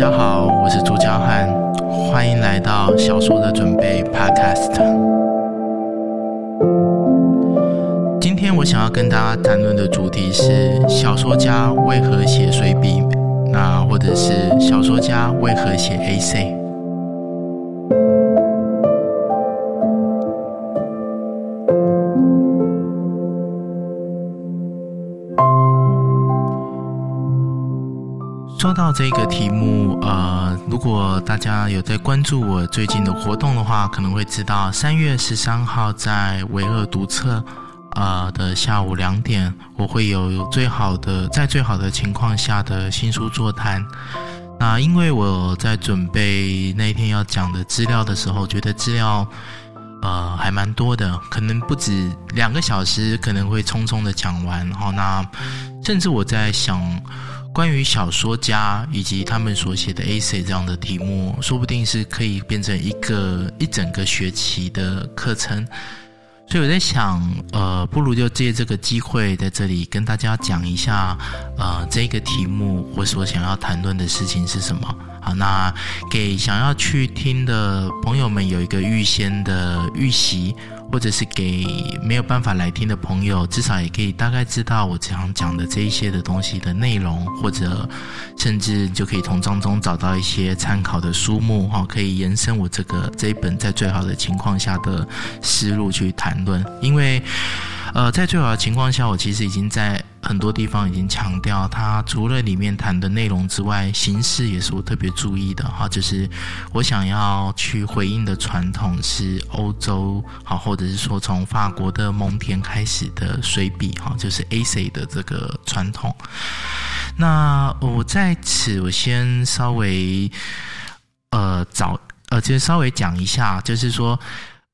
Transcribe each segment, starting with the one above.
大家好，我是朱嘉漢，歡迎來到小說的準備 Podcast。今天我想要跟大家談論的主題是：小說家為何寫隨筆？那或者是小說家為何寫 essai？說到這個題目，呃，如果大家有在關注我最近的活動的話，可能會知道三月十三號在維樂讀冊，呃的下午兩點，我會有最好的在最好的情況下的新書座談。那因為我在準備那一天要講的資料的時候，覺得資料，呃，還蠻多的，可能不止兩個小時，可能會匆匆的講完。然後，哦，那甚至我在想。關於小說家以及他們所寫的《essai》這樣的題目，說不定是可以變成一個一整個學期的課程。所以我在想，呃，不如就借這個機會在這裡跟大家講一下，呃，這個題目我所想要談論的事情是什麼。好，那給想要去聽的朋友們有一個預先的預習。或者是給沒有辦法來聽的朋友，至少也可以大概知道我這樣講，講的這一些的東西的內容，或者甚至就可以從當中找到一些參考的書目，可以延伸我這個這一本在最好的情況下的思路去談論，因為。呃，在最好的情況下，我其實已經在很多地方已經強調，它除了裡面談的內容之外，形式也是我特別注意的哈。就是我想要去回應的傳統是歐洲哈，或者是說從法國的蒙田開始的隨筆哈，就是 essai 的這個傳統。那我在此，我先稍微呃找呃，就是稍微講一下，就是說。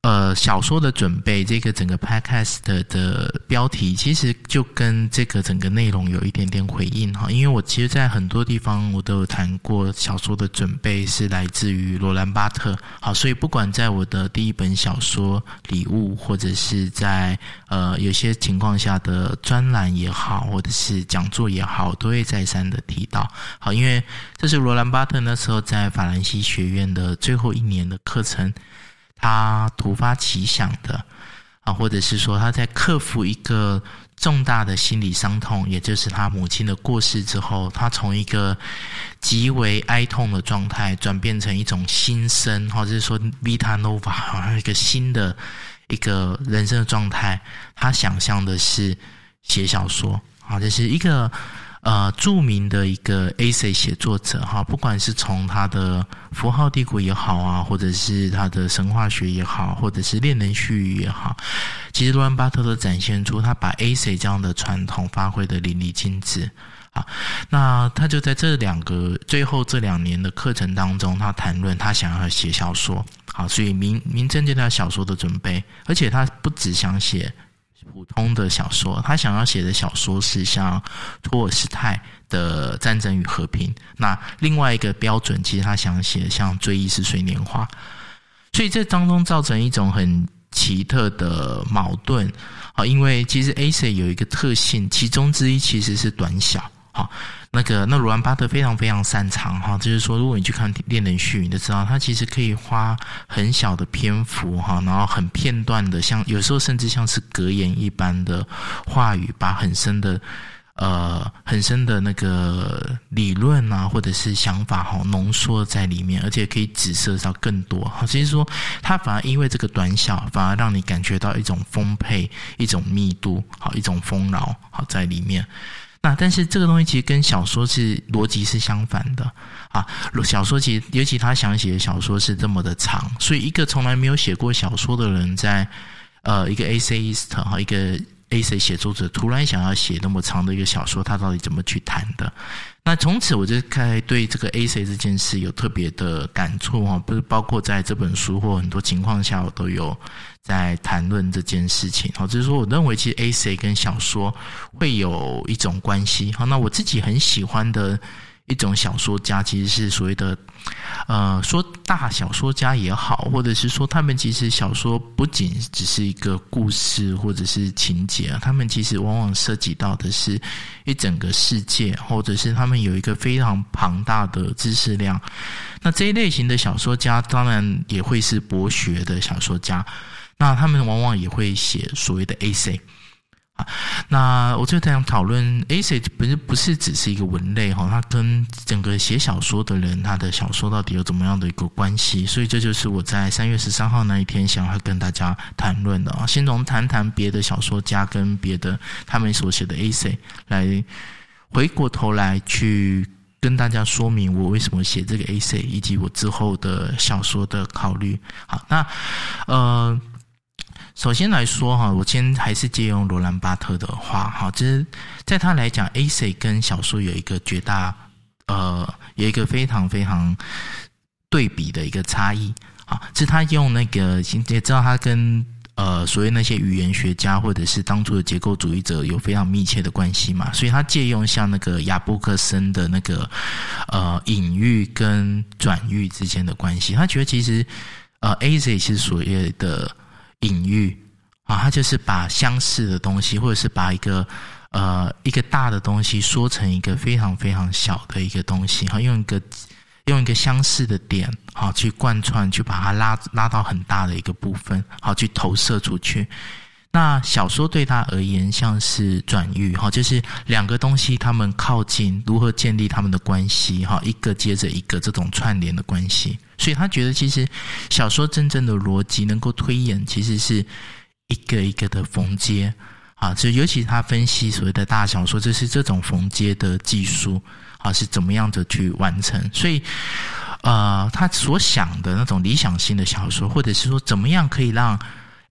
呃，小說的準備，這個整個 Podcast 的標題其實就跟這個整個內容有一點點回應哈。因為我其實在很多地方我都有談過小說的準備是來自於羅蘭巴特，好，所以不管在我的第一本小說《禮物》，或者是在呃有些情況下的專欄也好，或者是講座也好，都會再三的提到。好，因為這是羅蘭巴特那時候在法蘭西學院的最後一年的課程。他突發奇想的啊，或者是說他在克服一個重大的心理傷痛，也就是他母親的過世之後，他從一個極為哀痛的狀態轉變成一種新生，或者是說 Vita Nova，好像一個新的一個人生的狀態。他想象的是寫小說啊，這是一個。呃，著名的一個 essai 寫作者哈，不管是從他的符號帝國也好啊，或者是他的神話學也好，或者是戀人絮語也好，其實羅蘭巴特都，都展現出他把 essai 這樣的傳統發揮得淋漓盡致啊。那他就在這兩個最後這兩年的課程當中，他談論他想要寫小說啊，所以明明正對他小說的準備，而且他不只想寫。普通的小說，他想要寫的小說是像托爾斯泰的《戰爭與和平》，那另外一個標準其實他想寫像《追憶似水年華》，所以這當中造成一種很奇特的矛盾啊，因為其實 essai 有一個特性，其中之一其實是短小。好，那個那羅蘭巴特非常非常擅長哈，就是說，如果你去看《戀人絮語》，你就知道他其實可以花很小的篇幅哈，然後很片段的，像有時候甚至像是格言一般的話語，把很深的呃很深的那個理論啊，或者是想法哈，濃縮在裡面，而且可以折射到更多哈。其實說，他反而因為這個短小，反而讓你感覺到一種豐沛、一種密度、好一種豐饒好在裡面。那、啊、但是這個東西其實跟小說是邏輯是相反的啊，小說其實尤其他想寫的小說是這麼的長，所以一個從來沒有寫過小說的人在，呃，一個 essayist 和一個。essai 寫作者突然想要寫那麼長的一個小說，他到底怎麼去談的？那從此我就開始對這個 essai 這件事有特別的感觸哈，不是包括在這本書或很多情況下，我都有在談論這件事情。好、哦，就是說，我認為其實 essai 跟小說會有一種關係。好、哦，那我自己很喜歡的。一種小說家其實是所謂的，呃，說大小說家也好，或者是說他們其實小說不僅只是一個故事或者是情節啊，他們其實往往涉及到的是一整個世界，或者是他們有一個非常龐大的知識量。那這一類型的小說家當然也會是博學的小說家，那他們往往也會寫所謂的 essai。好，那我就想討論 essai 本身不是只是一個文類哈、哦，它跟整個寫小說的人他的小說到底有怎麼樣的一個關係？所以這就是我在三月十三號那一天想要跟大家談論的啊、哦。先從談談別的小說家跟別的他們所寫的 essai 來回過頭來去跟大家說明我為什麼寫這個 essai，以及我之後的小說的考慮。好，那呃。首先來說哈，我先還是借用羅蘭巴特的話哈，就是在他來講，essai 跟小說有一個絕大呃，有一個非常非常對比的一個差異啊。其實他用那個，也知道他跟呃，所謂那些語言學家或者是當初的結構主義者有非常密切的關係嘛，所以他借用像那個雅布克森的那個呃隱喻跟轉喻之間的關係，他覺得其實呃 essai 其實所謂的。隱喻啊，它就是把相似的東西，或者是把一個呃一個大的東西，說成一個非常非常小的一個東西，好用一個用一個相似的點，好去貫穿，去把它拉拉到很大的一個部分，好去投射出去。那小說對他而言像是轉喻。哈，就是兩個東西他們靠近，如何建立他們的關係哈，一個接着一個這種串聯的關係，所以他覺得其實小說真正的邏輯能夠推演，其實是一個一個的縫接啊，就尤其他分析所謂的大小說，這是這種縫接的技術啊是怎麼樣的去完成，所以呃，他所想的那種理想性的小說，或者是說怎麼樣可以讓。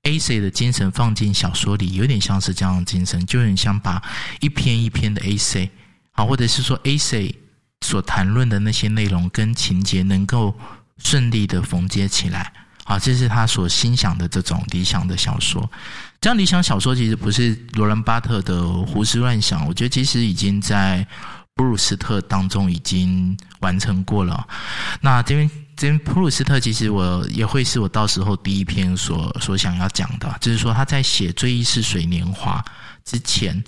A C 的精神放進小說裡，有點像是這樣的精神，就很像把一篇一篇的 essai，啊，或者是說 essai 所談論的那些內容跟情節能夠順利的縫接起來，啊，這是他所心想的這種理想的小說。這樣理想小說其實不是羅蘭巴特的胡思亂想，我覺得其實已經在布魯斯特當中已經完成過了。那這邊。普魯斯特，其實我也會是我到時候第一篇所所想要講的，就是說他在寫《追憶似水年華》之前。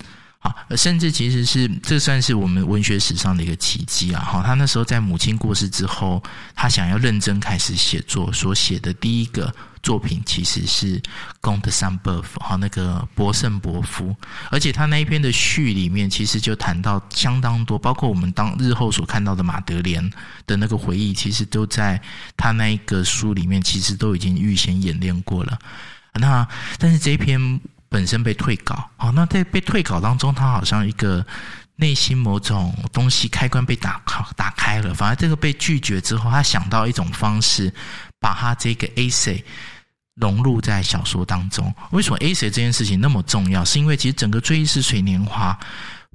甚至其實是，這算是我們文學史上的一個奇蹟啊！哈，他那時候在母親過世之後，他想要認真開始寫作，所寫的第一個作品其實是《Contre Sainte-Beuve》哈，那個駁聖伯夫。而且他那一篇的序裡面，其實就談到相當多，包括我們當日後所看到的馬德蓮的那個回憶，其實都在他那一個書裡面，其實都已經預先演練過了。那但是這一篇。本身被退稿，哦，那在被退稿當中，他好像一個內心某種東西開關被打打開了。反而這個被拒絕之後，他想到一種方式，把他這個 essai 融入在小說當中。為什麼 essai 這件事情那麼重要？是因為其實整個《追憶似水年華》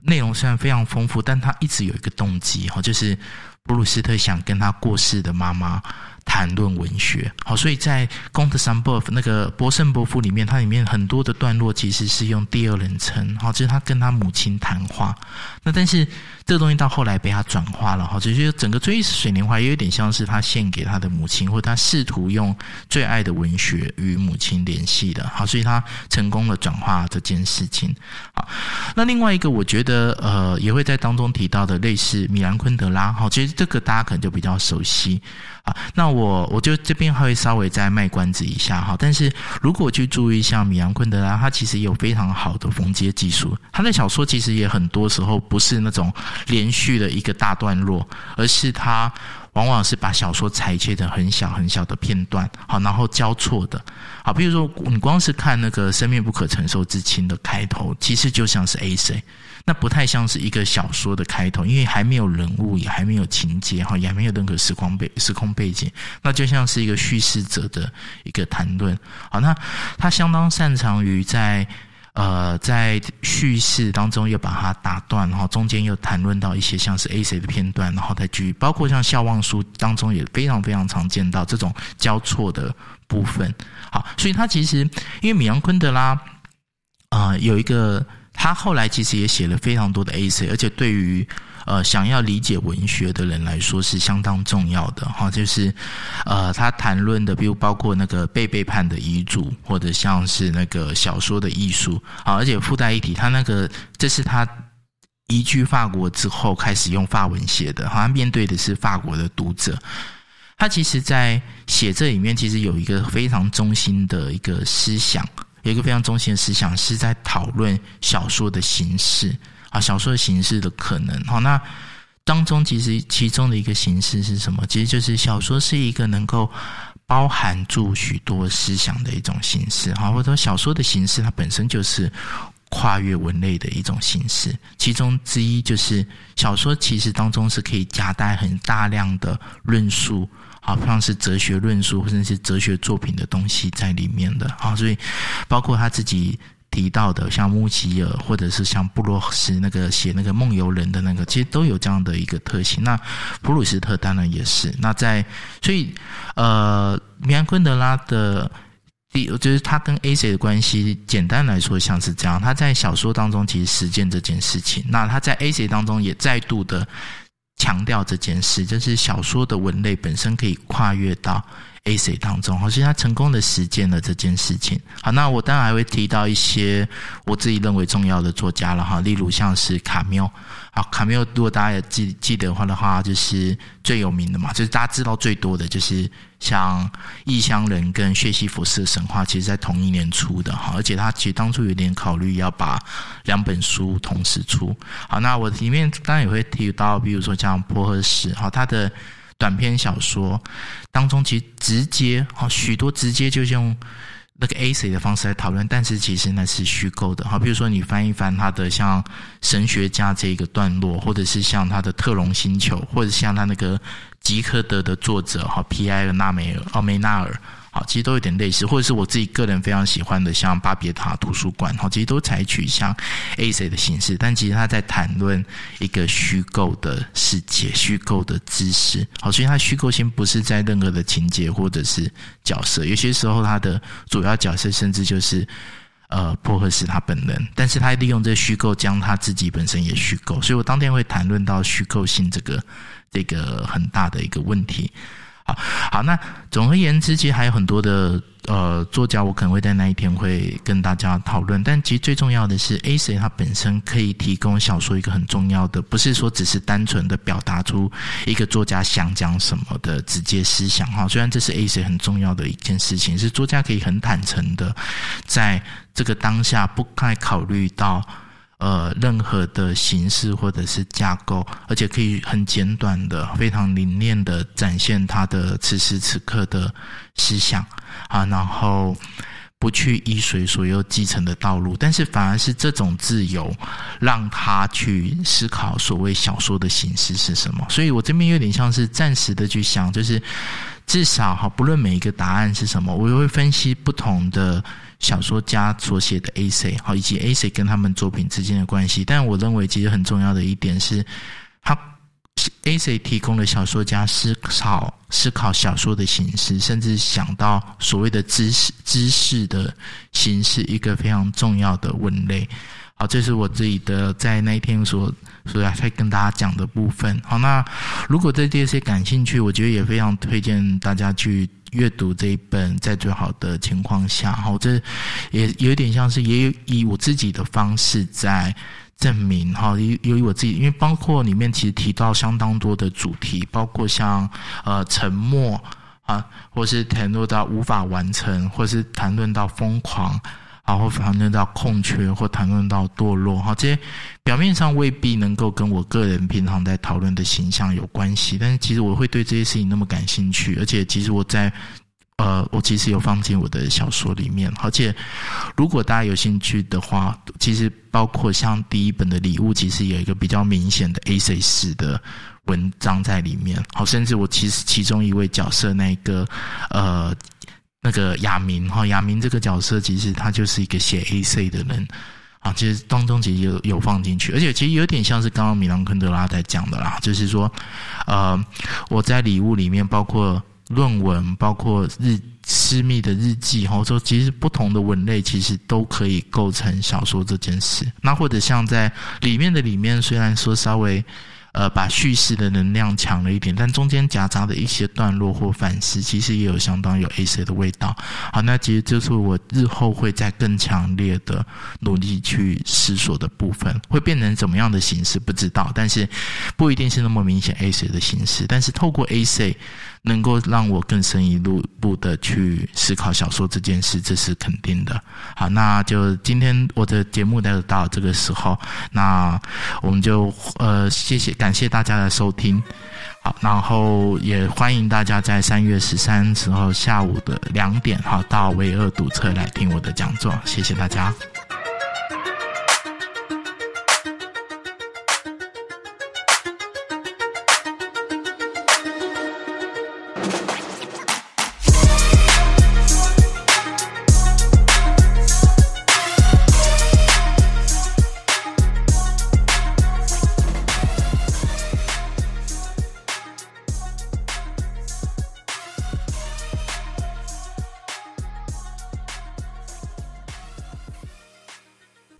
內容雖然非常豐富，但他一直有一個動機，哈，就是普魯斯特想跟他過世的媽媽談論文學，好，所以在《Contre Sainte-Beuve》那個駁聖伯夫裡面，它裡面很多的段落其實是用第二人稱，好，就是他跟他母親談話。那但是這個東西到後來被他轉化了，好，就是整個《追憶似水年華》也有點像是他獻給他的母親，或者他試圖用最愛的文學與母親聯繫的，好，所以他成功的轉化這件事情。好，那另外一個我覺得呃也會在當中提到的類似米蘭昆德拉，好，其實這個大家可能就比較熟悉，好，那。我我就這邊會稍微再賣關子一下哈，但是如果去注意一下米蘭昆德拉，他其實有非常好的縫接技術，他的小說其實也很多時候不是那種連續的一個大段落，而是他，往往是把小說裁切得很小很小的片段，好，然後交錯的，好，比如說你光是看那個《生命不可承受之輕》的開頭，其實就像是 essai，那不太像是一個小說的開頭，因為還沒有人物，也還沒有情節，哈，也還沒有任何時空背時空背景，那就像是一個敘事者的一個談論，好，那他相當擅長於在。呃，在敘事當中又把它打斷，然後中間又談論到一些像是 A 誰的片段，然後再舉，包括像《笑忘書》當中也非常非常常見到這種交錯的部分。好，所以他其實因為米揚昆德拉，啊、呃，有一個。他後來其實也寫了非常多的 essai，而且對於呃想要理解文學的人來說是相當重要的哈。就是呃，他談論的比如包括那個被背叛的遺囑，或者像是那個小說的藝術啊。而且附帶一提，他那個這是他移居法國之後開始用法文寫的，好像面對的是法國的讀者。他其實，在寫這裡面其實有一個非常中心的一個思想。有一個非常中心的思想，是在討論小說的形式啊，小說的形式的可能。好，那當中其實其中的一個形式是什麼？其實就是小說是一個能夠包含住許多思想的一種形式，好，或者說小說的形式它本身就是。跨越文類的一種形式，其中之一就是小說，其實當中是可以夾帶很大量的論述，好，啊，像是哲學論述或者是哲學作品的東西在裡面的啊，所以包括他自己提到的，像穆齊爾或者是像布洛斯那個寫那個夢遊人的那個，其實都有這樣的一個特性。那普魯斯特當然也是。那在所以，呃，米蘭昆德拉的。第，就是他跟 essai 的關係，簡單來說像是這樣。他在小說當中其實實踐這件事情，那他在 essai 當中也再度的強調這件事，就是小說的文類本身可以跨越到 essai 當中，好像他成功的實踐了這件事情。好，那我當然還會提到一些我自己認為重要的作家了哈，例如像是卡繆。好，卡繆如果大家也記記得話的話，就是最有名的嘛，就是大家知道最多的就是。像《異鄉人》跟《薛西弗斯》的神話，其實在同一年出的哈，而且他其實當初有點考慮要把兩本書同時出。好，那我裡面當然也會提到，比如說像波赫士哈，他的短篇小說當中，其實直接哈、哦、許多直接就用。那個 essai 的方式來討論，但是其實那是虛構的。好，比如說你翻一翻他的像神學家這一個段落，或者是像他的特隆星球，或者像他那個《吉科德》的作者哈皮埃爾納梅爾奧梅納爾。好，其實都有點類似，或者是我自己個人非常喜歡的，像《巴別塔圖書館》。好，其實都採取像 essai 的形式，但其實他在談論一個虛構的世界，虛構的知識。好，所以它虛構性不是在任何的情節或者是角色，有些時候他的主要角色甚至就是呃波赫士他本人，但是他利用這虛構將他自己本身也虛構。所以我當天會談論到虛構性這個這個很大的一個問題。好好，那總而言之，其實還有很多的呃作家，我可能會在那一天會跟大家討論。但其實最重要的是，essai 它本身可以提供小說一個很重要的，不是說只是單純的表達出一個作家想講什麼的直接思想哈。雖然這是 essai 很重要的一件事情，是作家可以很坦誠的在這個當下不太考慮到。呃，任何的形式或者是架構，而且可以很簡短的、非常凝練的展現他的此時此刻的思想啊，然後。不去依隨所有繼承的道路，但是反而是這種自由，讓他去思考所謂小說的形式是什麼。所以，我這邊有點像是暫時的去想，就是至少哈，不論每一個答案是什麼，我也會分析不同的小說家所寫的 essai 好，以及 essai 跟他們作品之間的關係。但我認為，其實很重要的一點是，他。essai 提供了小說家思考思考小說的形式，甚至想到所謂的知識知識的形式，一個非常重要的文類。好，這是我自己的在那一天所所要再跟大家講的部分。好，那如果對這些感興趣，我覺得也非常推薦大家去閱讀這一本。在最好的情況下，好，這也，也有點像是也有以我自己的方式在。證明哈，由由於我自己，因為包括裡面其實提到相當多的主題，包括像呃沉默啊，或是談論到無法完成，或是談論到瘋狂，啊，然後談論到空缺，或談論到墮落哈，啊，這些表面上未必能夠跟我個人平常在討論的形象有關係，但是其實我會對這些事情那麼感興趣，而且其實我在。呃，我其實有放進我的小說裡面，而且如果大家有興趣的話，其實包括像第一本的禮物，其實有一個比較明顯的 essai 式的文章在裡面。好，甚至我其實其中一位角色那個呃那個亞明哈，亞明這個角色，其實他就是一個寫 essai 的人啊。其實當中其實有有放進去，而且其實有點像是剛剛米蘭昆德拉在講的啦，就是說呃我在禮物裡面包括，論文包括日私密的日記，或者說其實不同的文類其實都可以構成小說這件事。那或者像在裡面的裡面，雖然說稍微呃把敘事的能量強了一點，但中間夾雜的一些段落或反思，其實也有相當有 essai 的味道。好，那其實就是我日後會再更強烈的努力去思索的部分，會變成怎麼樣的形式不知道，但是不一定是那麼明顯 essai 的形式，但是透過 essai。能夠讓我更深一步步的去思考小說這件事，這是肯定的。好，那就今天我的節目就到這個時候，那我們就呃謝謝感謝大家的收聽。好，然後也歡迎大家在三月十三時候下午的兩點好到微貳獨冊來聽我的講座，謝謝大家。